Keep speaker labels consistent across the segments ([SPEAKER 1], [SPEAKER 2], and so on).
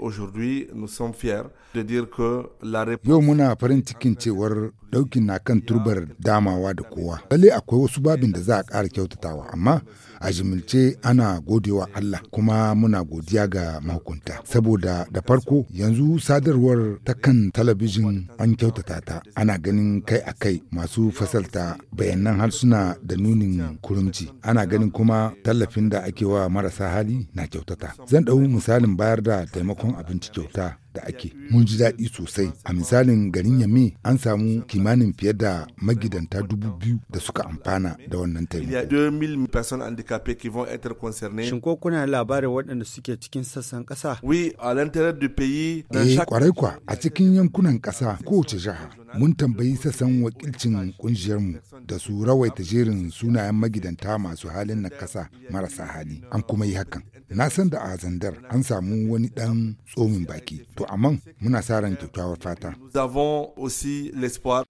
[SPEAKER 1] Aujourd'hui, nous sommes fiers de dire que la
[SPEAKER 2] Yau muna farin cikin cewar ɗaukin na kan turbar damawa da kowa. Lalle akwai wasu babin da za a ƙara kyautatawa amma a jimilce ana godewa Allah kuma muna godiya ga mahukunta. Saboda da farko yanzu sadarwar ta kan talabijin an kyautata ta ana ganin kai a kai masu fasalta bayanan harsuna da nunin kurumci. Ana ganin kuma tallafin da ake wa marasa hali na kyautata. Zan ɗau misalin bayar da taimakon abinci kyauta da ake mun ji daɗi sosai a misalin garin Yame an samu kimanin fiye da magidanta dubu biyu da suka amfana da wannan taimako.
[SPEAKER 1] Shin ko kuna labarin waɗanda suke cikin sassan ƙasa? Oui, Eh, kwarai
[SPEAKER 2] kwa a cikin yankunan ƙasa kowace jiha mun tambayi sassan wakilcin kungiyarmu da su rawaita jerin sunayen magidanta masu halin nakasa marasa hali an kuma yi hakan na san da a zandar an samu wani dan tsomin baki to amma muna sa ran kyakkyawar fata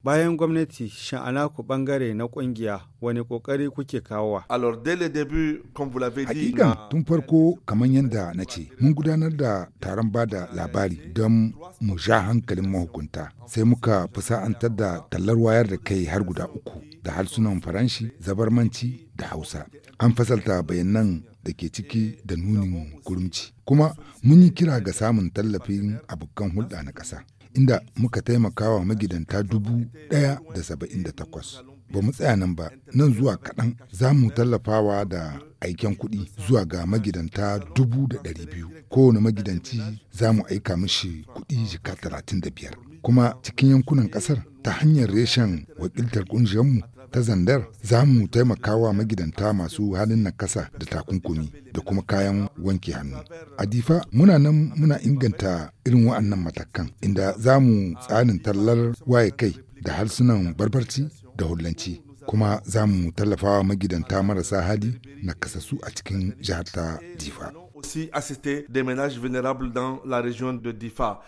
[SPEAKER 1] bayan gwamnati sha'ana ku bangare na kungiya wani kokari kuke kawo kawowa hakikan
[SPEAKER 2] tun farko kamar yadda na ce mun gudanar da taron bada labari don mu sha hankalin mahukunta sai muka fusa sa'antar da tallar wayar da kai har guda uku da harsunan faranshi zabarmanci da hausa an fasalta bayanan da ke ciki da nunin kurumci kuma mun yi kira ga samun tallafin abokan hulɗa na ƙasa inda muka taimaka wa magidanta dubu ɗaya da saba'in da takwas ba mu tsaya nan ba nan zuwa kaɗan za mu tallafawa da aiken kuɗi zuwa ga magidanta dubu da ɗari biyu kowane magidanci za mu aika mishi kuɗi jika talatin da biyar kuma cikin yankunan ƙasar ta hanyar reshen wakiltar ƙungiyarmu ta zandar za mu taimaka wa magidanta masu halin nakasa da takunkumi da kuma kayan wanke hannu. A difa muna nan muna inganta irin wa'annan matakan inda za mu tsarin tallar waye kai da harsunan barbarci da hullanci kuma za mu tallafawa magidanta marasa hali
[SPEAKER 1] na nakasassu a cikin jihar ta difa. dans la région de Difa.